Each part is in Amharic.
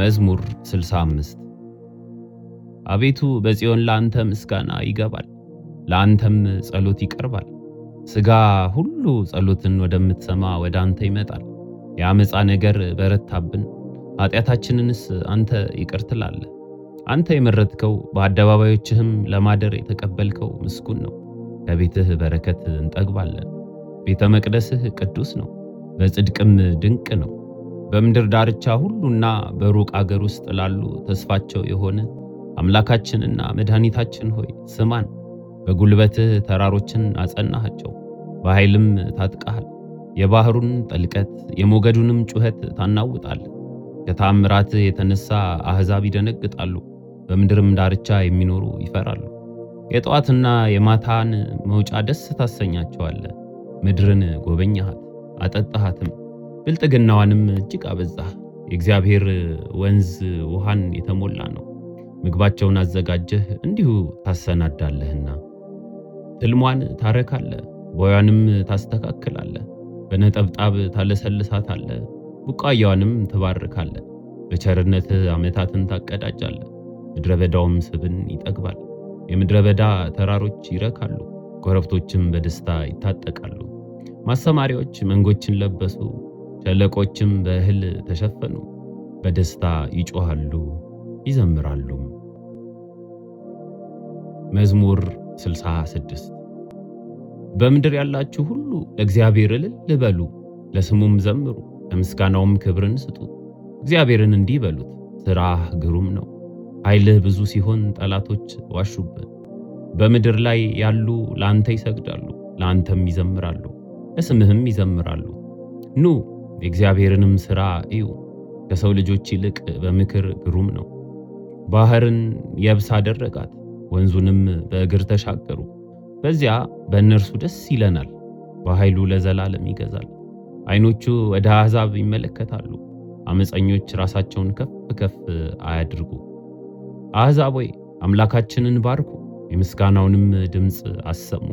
መዝሙር 65 አቤቱ በጽዮን ለአንተ ምስጋና ይገባል፣ ለአንተም ጸሎት ይቀርባል። ሥጋ ሁሉ ጸሎትን ወደምትሰማ ወደ አንተ ይመጣል። የአመፃ ነገር በረታብን፣ ኃጢአታችንንስ አንተ ይቅር ትላለህ። አንተ የመረጥከው በአደባባዮችህም ለማደር የተቀበልከው ምስጉን ነው። ከቤትህ በረከት እንጠግባለን። ቤተ መቅደስህ ቅዱስ ነው፣ በጽድቅም ድንቅ ነው። በምድር ዳርቻ ሁሉና በሩቅ አገር ውስጥ ላሉ ተስፋቸው የሆነ አምላካችንና መድኃኒታችን ሆይ ስማን። በጉልበትህ ተራሮችን አጸናሃቸው፣ በኃይልም ታጥቀሃል። የባህሩን ጥልቀት የሞገዱንም ጩኸት ታናውጣል። ከታምራት የተነሳ አሕዛብ ይደነግጣሉ፣ በምድርም ዳርቻ የሚኖሩ ይፈራሉ። የጠዋትና የማታን መውጫ ደስ ታሰኛቸዋለ። ምድርን ጎበኛሃት! አጠጣሃትም ብልጥግናዋንም እጅግ አበዛ። የእግዚአብሔር ወንዝ ውሃን የተሞላ ነው። ምግባቸውን አዘጋጀህ፣ እንዲሁ ታሰናዳለህና ጥልሟን ታረካለ፣ ቦያንም ታስተካክላለ፣ በነጠብጣብ ታለሰልሳታለ፣ ቡቃያዋንም ትባርካለህ። በቸርነት ዓመታትን ታቀዳጃለህ፣ ምድረ በዳውም ስብን ይጠግባል። የምድረ በዳ ተራሮች ይረካሉ፣ ኮረብቶችም በደስታ ይታጠቃሉ። ማሰማሪያዎች መንጎችን ለበሱ፣ ሸለቆችም በእህል ተሸፈኑ። በደስታ ይጮሃሉ ይዘምራሉ መዝሙር 66 በምድር ያላችሁ ሁሉ ለእግዚአብሔር እልል በሉ፣ ለስሙም ዘምሩ፣ ለምስጋናውም ክብርን ስጡ። እግዚአብሔርን እንዲህ በሉት፣ ሥራህ ግሩም ነው፣ ኃይልህ ብዙ ሲሆን ጠላቶች ዋሹብን። በምድር ላይ ያሉ ለአንተ ይሰግዳሉ፣ ለአንተም ይዘምራሉ፣ ለስምህም ይዘምራሉ። ኑ የእግዚአብሔርንም ሥራ እዩ፣ ከሰው ልጆች ይልቅ በምክር ግሩም ነው። ባሕርን የብስ አደረጋት፣ ወንዙንም በእግር ተሻገሩ። በዚያ በእነርሱ ደስ ይለናል። በኃይሉ ለዘላለም ይገዛል። ዐይኖቹ ወደ አሕዛብ ይመለከታሉ። አመፀኞች ራሳቸውን ከፍ ከፍ አያድርጉ። አሕዛብ ወይ አምላካችንን ባርኩ፣ የምስጋናውንም ድምፅ አሰሙ።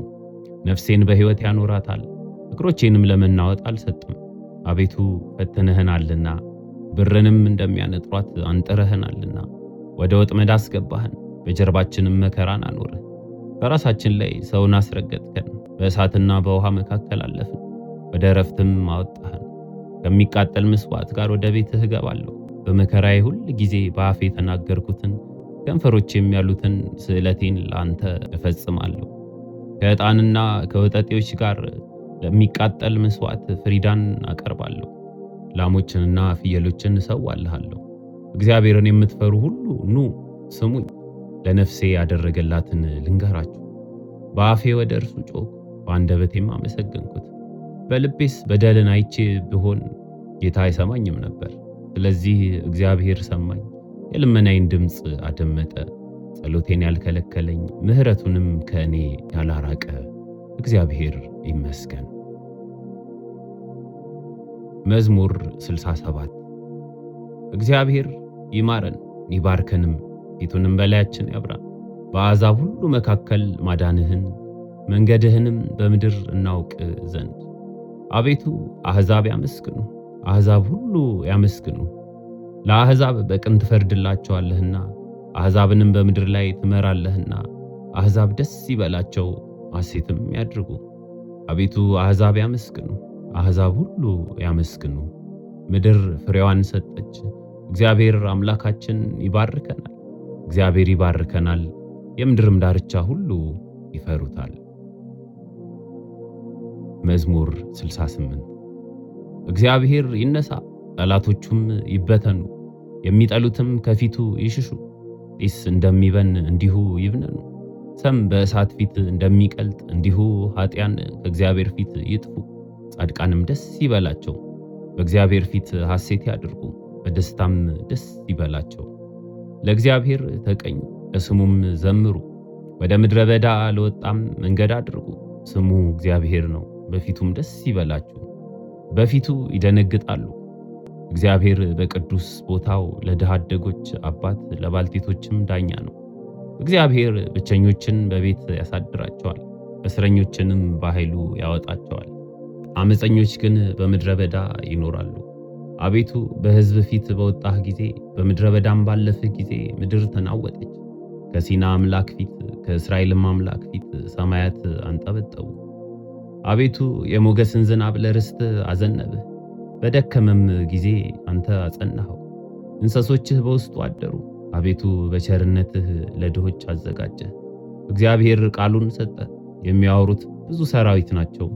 ነፍሴን በሕይወት ያኖራታል፣ እግሮቼንም ለመናወጥ አልሰጥም። አቤቱ ፈትነህናልና ብርንም እንደሚያነጥሯት አንጥረህናልና ወደ ወጥመድ አስገባህን፣ በጀርባችንም መከራን አኖርህ። በራሳችን ላይ ሰውን አስረገጥከን፣ በእሳትና በውሃ መካከል አለፍን፣ ወደ እረፍትም አወጣህን። ከሚቃጠል ምስዋዕት ጋር ወደ ቤትህ እገባለሁ። በመከራዬ ሁል ጊዜ በአፌ የተናገርኩትን ከንፈሮች የሚያሉትን ስዕለቴን ለአንተ እፈጽማለሁ። ከዕጣንና ከወጠጤዎች ጋር ለሚቃጠል መስዋዕት ፍሪዳን አቀርባለሁ። ላሞችንና ፍየሎችን እሰዋልሃለሁ። እግዚአብሔርን የምትፈሩ ሁሉ ኑ ስሙኝ፣ ለነፍሴ ያደረገላትን ልንገራችሁ። በአፌ ወደ እርሱ ጮክ፣ በአንደበቴም አመሰገንኩት። በልቤስ በደልን አይቼ ብሆን ጌታ አይሰማኝም ነበር። ስለዚህ እግዚአብሔር ሰማኝ፣ የልመናዬን ድምፅ አደመጠ። ጸሎቴን ያልከለከለኝ ምሕረቱንም ከእኔ ያላራቀ እግዚአብሔር ይመስገን። መዝሙር 67 እግዚአብሔር ይማረን ይባርከንም፣ ፊቱንም በላያችን ያብራ። በአሕዛብ ሁሉ መካከል ማዳንህን መንገድህንም በምድር እናውቅ ዘንድ። አቤቱ አሕዛብ ያመስግኑ፣ አሕዛብ ሁሉ ያመስግኑ። ለአሕዛብ በቅን ትፈርድላቸዋለህና አሕዛብንም በምድር ላይ ትመራለህና አሕዛብ ደስ ይበላቸው ሐሴትም ያድርጉ። አቤቱ አሕዛብ ያመስግኑ፣ አሕዛብ ሁሉ ያመስግኑ። ምድር ፍሬዋን ሰጠች። እግዚአብሔር አምላካችን ይባርከናል። እግዚአብሔር ይባርከናል፣ የምድርም ዳርቻ ሁሉ ይፈሩታል። መዝሙር 68 እግዚአብሔር ይነሳ፣ ጠላቶቹም ይበተኑ፣ የሚጠሉትም ከፊቱ ይሽሹ። ጢስ እንደሚበን እንዲሁ ይብነኑ። ሰም በእሳት ፊት እንደሚቀልጥ እንዲሁ ኃጢያን ከእግዚአብሔር ፊት ይጥፉ፣ ጻድቃንም ደስ ይበላቸው። በእግዚአብሔር ፊት ሐሴት ያድርጉ፣ በደስታም ደስ ይበላቸው። ለእግዚአብሔር ተቀኙ፣ ለስሙም ዘምሩ። ወደ ምድረ በዳ ለወጣም መንገድ አድርጉ። ስሙ እግዚአብሔር ነው፣ በፊቱም ደስ ይበላችሁ። በፊቱ ይደነግጣሉ። እግዚአብሔር በቅዱስ ቦታው ለድሃ አደጎች አባት ለባልቴቶችም ዳኛ ነው። እግዚአብሔር ብቸኞችን በቤት ያሳድራቸዋል፣ እስረኞችንም በኃይሉ ያወጣቸዋል። አመፀኞች ግን በምድረ በዳ ይኖራሉ። አቤቱ በሕዝብ ፊት በወጣህ ጊዜ በምድረ በዳም ባለፍህ ጊዜ ምድር ተናወጠች። ከሲና አምላክ ፊት ከእስራኤልም አምላክ ፊት ሰማያት አንጠበጠቡ። አቤቱ የሞገስን ዝናብ ለርስት አዘነብህ፣ በደከመም ጊዜ አንተ አጸናኸው። እንሰሶችህ በውስጡ አደሩ። አቤቱ በቸርነትህ ለድሆች አዘጋጀ። እግዚአብሔር ቃሉን ሰጠ። የሚያወሩት ብዙ ሰራዊት ናቸው።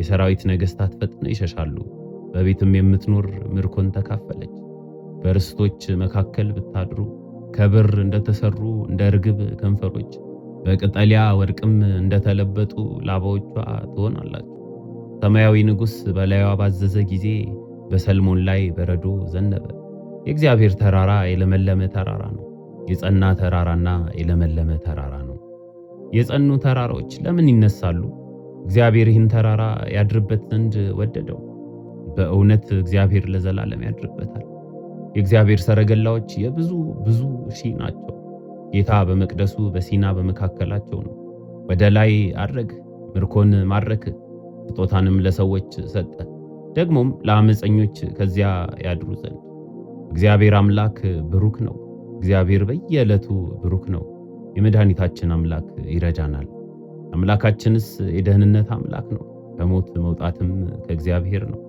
የሰራዊት ነገሥታት ፈጥነው ይሸሻሉ። በቤትም የምትኖር ምርኮን ተካፈለች። በርስቶች መካከል ብታድሩ ከብር እንደተሰሩ እንደ ርግብ ከንፈሮች በቅጠሊያ ወርቅም እንደተለበጡ ላባዎቿ ትሆናላችሁ። ሰማያዊ ንጉሥ በላይዋ ባዘዘ ጊዜ በሰልሞን ላይ በረዶ ዘነበ። የእግዚአብሔር ተራራ የለመለመ ተራራ ነው። የጸና ተራራና የለመለመ ተራራ ነው። የጸኑ ተራራዎች ለምን ይነሳሉ? እግዚአብሔር ይህን ተራራ ያድርበት ዘንድ ወደደው። በእውነት እግዚአብሔር ለዘላለም ያድርበታል። የእግዚአብሔር ሰረገላዎች የብዙ ብዙ ሺህ ናቸው። ጌታ በመቅደሱ በሲና በመካከላቸው ነው። ወደ ላይ አድረግ፣ ምርኮን ማድረክ ስጦታንም ለሰዎች ሰጠ፣ ደግሞም ለአመፀኞች ከዚያ ያድሩ ዘንድ እግዚአብሔር አምላክ ብሩክ ነው። እግዚአብሔር በየዕለቱ ብሩክ ነው። የመድኃኒታችን አምላክ ይረዳናል። አምላካችንስ የደህንነት አምላክ ነው። ከሞት መውጣትም ከእግዚአብሔር ነው።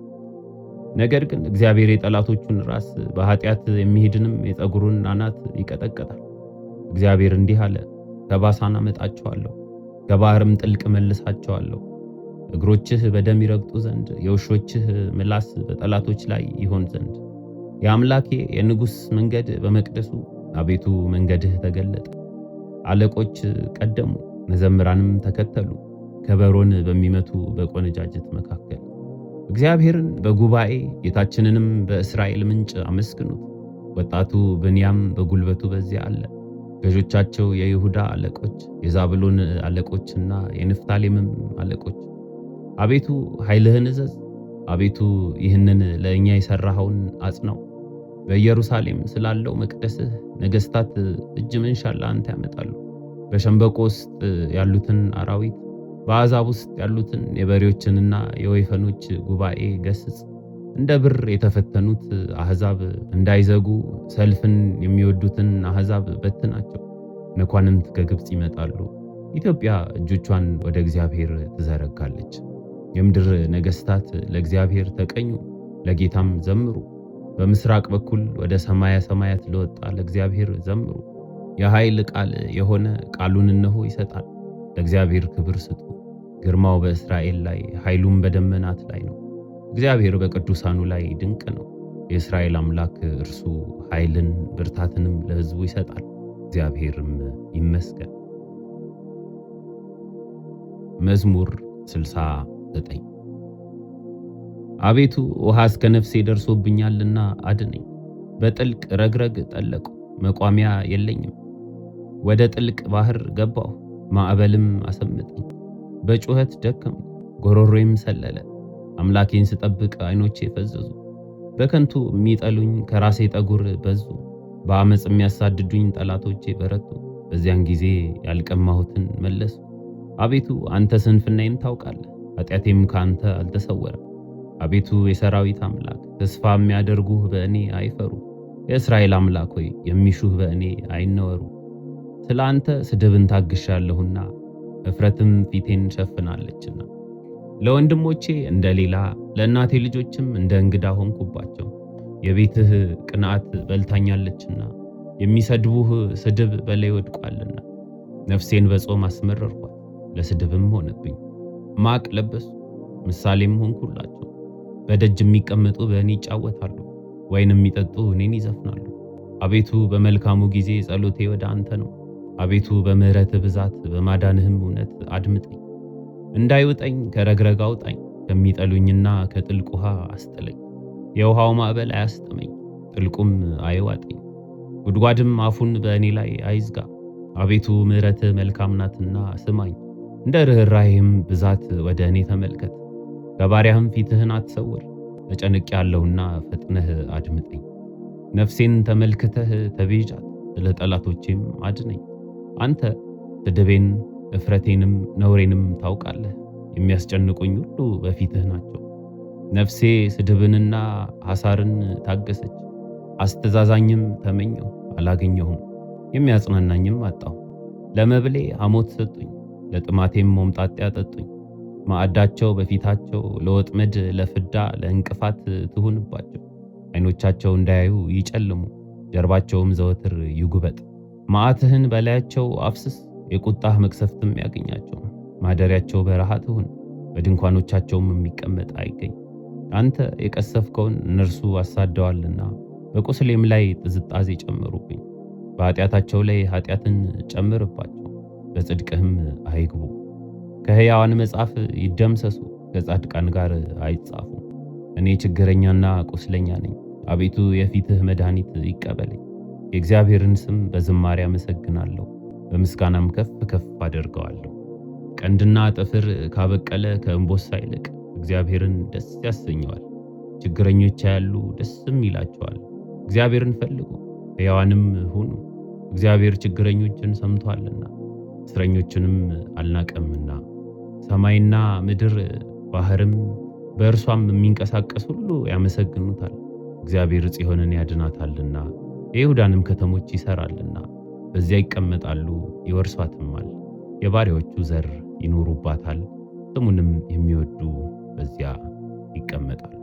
ነገር ግን እግዚአብሔር የጠላቶቹን ራስ በኃጢአት የሚሄድንም የፀጉሩን አናት ይቀጠቀጣል። እግዚአብሔር እንዲህ አለ፣ ከባሳን አመጣቸዋለሁ፣ ከባህርም ጥልቅ መልሳቸዋለሁ። እግሮችህ በደም ይረግጡ ዘንድ የውሾችህ ምላስ በጠላቶች ላይ ይሆን ዘንድ የአምላኬ የንጉሥ መንገድ በመቅደሱ አቤቱ መንገድህ ተገለጠ። አለቆች ቀደሙ፣ መዘምራንም ተከተሉ፣ ከበሮን በሚመቱ በቆነጃጅት መካከል። እግዚአብሔርን በጉባኤ ጌታችንንም በእስራኤል ምንጭ አመስግኑት። ወጣቱ ብንያም በጉልበቱ በዚያ አለ። ገዦቻቸው የይሁዳ አለቆች፣ የዛብሎን አለቆችና የንፍታሌምም አለቆች። አቤቱ ኃይልህን እዘዝ። አቤቱ ይህንን ለእኛ የሠራኸውን አጽነው። በኢየሩሳሌም ስላለው መቅደስህ ነገስታት እጅ መንሻ ለአንተ ያመጣሉ። በሸንበቆ ውስጥ ያሉትን አራዊት፣ በአዛብ ውስጥ ያሉትን የበሬዎችንና የወይፈኖች ጉባኤ ገስጽ። እንደ ብር የተፈተኑት አሕዛብ እንዳይዘጉ ሰልፍን የሚወዱትን አሕዛብ በትናቸው። መኳንንት ከግብፅ ይመጣሉ። ኢትዮጵያ እጆቿን ወደ እግዚአብሔር ትዘረጋለች። የምድር ነገስታት ለእግዚአብሔር ተቀኙ፣ ለጌታም ዘምሩ። በምስራቅ በኩል ወደ ሰማያ ሰማያት ለወጣ ለእግዚአብሔር ዘምሩ። የኃይል ቃል የሆነ ቃሉን እነሆ ይሰጣል። ለእግዚአብሔር ክብር ስጡ፣ ግርማው በእስራኤል ላይ ኃይሉም በደመናት ላይ ነው። እግዚአብሔር በቅዱሳኑ ላይ ድንቅ ነው። የእስራኤል አምላክ እርሱ ኃይልን ብርታትንም ለሕዝቡ ይሰጣል። እግዚአብሔርም ይመስገን። መዝሙር 69 አቤቱ ውሃ እስከ ነፍሴ ደርሶብኛልና አድነኝ። በጥልቅ ረግረግ ጠለቁ፣ መቋሚያ የለኝም። ወደ ጥልቅ ባህር ገባሁ፣ ማዕበልም አሰምጠኝ። በጩኸት ደከም፣ ጎሮሮዬም ሰለለ። አምላኬን ስጠብቅ ዓይኖቼ ፈዘዙ። በከንቱ የሚጠሉኝ ከራሴ ጠጉር በዙ፣ በአመፅ የሚያሳድዱኝ ጠላቶቼ በረቱ። በዚያን ጊዜ ያልቀማሁትን መለሱ። አቤቱ አንተ ስንፍናዬን ታውቃለህ፣ ኃጢአቴም ከአንተ አልተሰወረም። አቤቱ የሰራዊት አምላክ ተስፋ የሚያደርጉህ በእኔ አይፈሩ። የእስራኤል አምላክ ሆይ የሚሹህ በእኔ አይነወሩ። ስለ አንተ ስድብን ታግሻለሁና እፍረትም ፊቴን ሸፍናለችና ለወንድሞቼ እንደ ሌላ ለእናቴ ልጆችም እንደ እንግዳ ሆንኩባቸው። የቤትህ ቅንዓት በልታኛለችና የሚሰድቡህ ስድብ በላይ ወድቋልና ነፍሴን በጾም አስመረርኳት፣ ለስድብም ሆነብኝ። ማቅ ለበሱ፣ ምሳሌም ሆንኩላቸው። በደጅ የሚቀመጡ በእኔ ይጫወታሉ፣ ወይን የሚጠጡ እኔን ይዘፍናሉ። አቤቱ በመልካሙ ጊዜ ጸሎቴ ወደ አንተ ነው። አቤቱ በምሕረትህ ብዛት በማዳንህም እውነት አድምጠኝ። እንዳይውጠኝ ከረግረግ አውጣኝ፣ ከሚጠሉኝና ከጥልቅ ውሃ አስጥለኝ። የውሃው ማዕበል አያስጥመኝ፣ ጥልቁም አይዋጠኝ፣ ጉድጓድም አፉን በእኔ ላይ አይዝጋ። አቤቱ ምሕረትህ መልካም ናትና ስማኝ፣ እንደ ርኅራኄህም ብዛት ወደ እኔ ተመልከት። ከባሪያህም ፊትህን አትሰውር፣ ተጨንቅ ያለውና ፈጥነህ አድምጠኝ። ነፍሴን ተመልክተህ ተቤዣት፣ ስለ ጠላቶቼም አድነኝ። አንተ ስድቤን እፍረቴንም ነውሬንም ታውቃለህ፣ የሚያስጨንቁኝ ሁሉ በፊትህ ናቸው። ነፍሴ ስድብንና ሐሳርን ታገሰች፣ አስተዛዛኝም ተመኘሁ አላገኘሁም፣ የሚያጽናናኝም አጣሁ። ለመብሌ ሐሞት ሰጡኝ፣ ለጥማቴም ሆምጣጤ አጠጡኝ። ማዕዳቸው በፊታቸው ለወጥመድ፣ ለፍዳ፣ ለእንቅፋት ትሁንባቸው። ዓይኖቻቸው እንዳያዩ ይጨልሙ፣ ጀርባቸውም ዘወትር ይጉበጥ። መዓትህን በላያቸው አፍስስ፣ የቁጣህ መቅሰፍትም ያገኛቸው። ማደሪያቸው በረሃ ትሁን፣ በድንኳኖቻቸውም የሚቀመጥ አይገኝ። አንተ የቀሰፍከውን እነርሱ አሳደዋልና በቁስሌም ላይ ጥዝጣዜ ጨምሩብኝ በኃጢአታቸው ላይ ኃጢአትን ጨምርባቸው፣ በጽድቅህም አይግቡ። ከሕያዋን መጽሐፍ ይደምሰሱ፣ ከጻድቃን ጋር አይጻፉም። እኔ ችግረኛና ቁስለኛ ነኝ። አቤቱ የፊትህ መድኃኒት ይቀበለኝ። የእግዚአብሔርን ስም በዝማሬ አመሰግናለሁ፣ በምስጋናም ከፍ ከፍ አደርገዋለሁ። ቀንድና ጥፍር ካበቀለ ከእንቦሳ ይልቅ እግዚአብሔርን ደስ ያሰኘዋል። ችግረኞች ያሉ ደስም ይላቸዋል። እግዚአብሔርን ፈልጉ ሕያዋንም ሁኑ፣ እግዚአብሔር ችግረኞችን ሰምቷልና እስረኞችንም አልናቀምና። ሰማይና ምድር ባህርም በእርሷም የሚንቀሳቀስ ሁሉ ያመሰግኑታል። እግዚአብሔር ጽዮንን ያድናታልና የይሁዳንም ከተሞች ይሰራልና፣ በዚያ ይቀመጣሉ ይወርሷትማል። የባሪያዎቹ ዘር ይኖሩባታል፣ ስሙንም የሚወዱ በዚያ ይቀመጣሉ።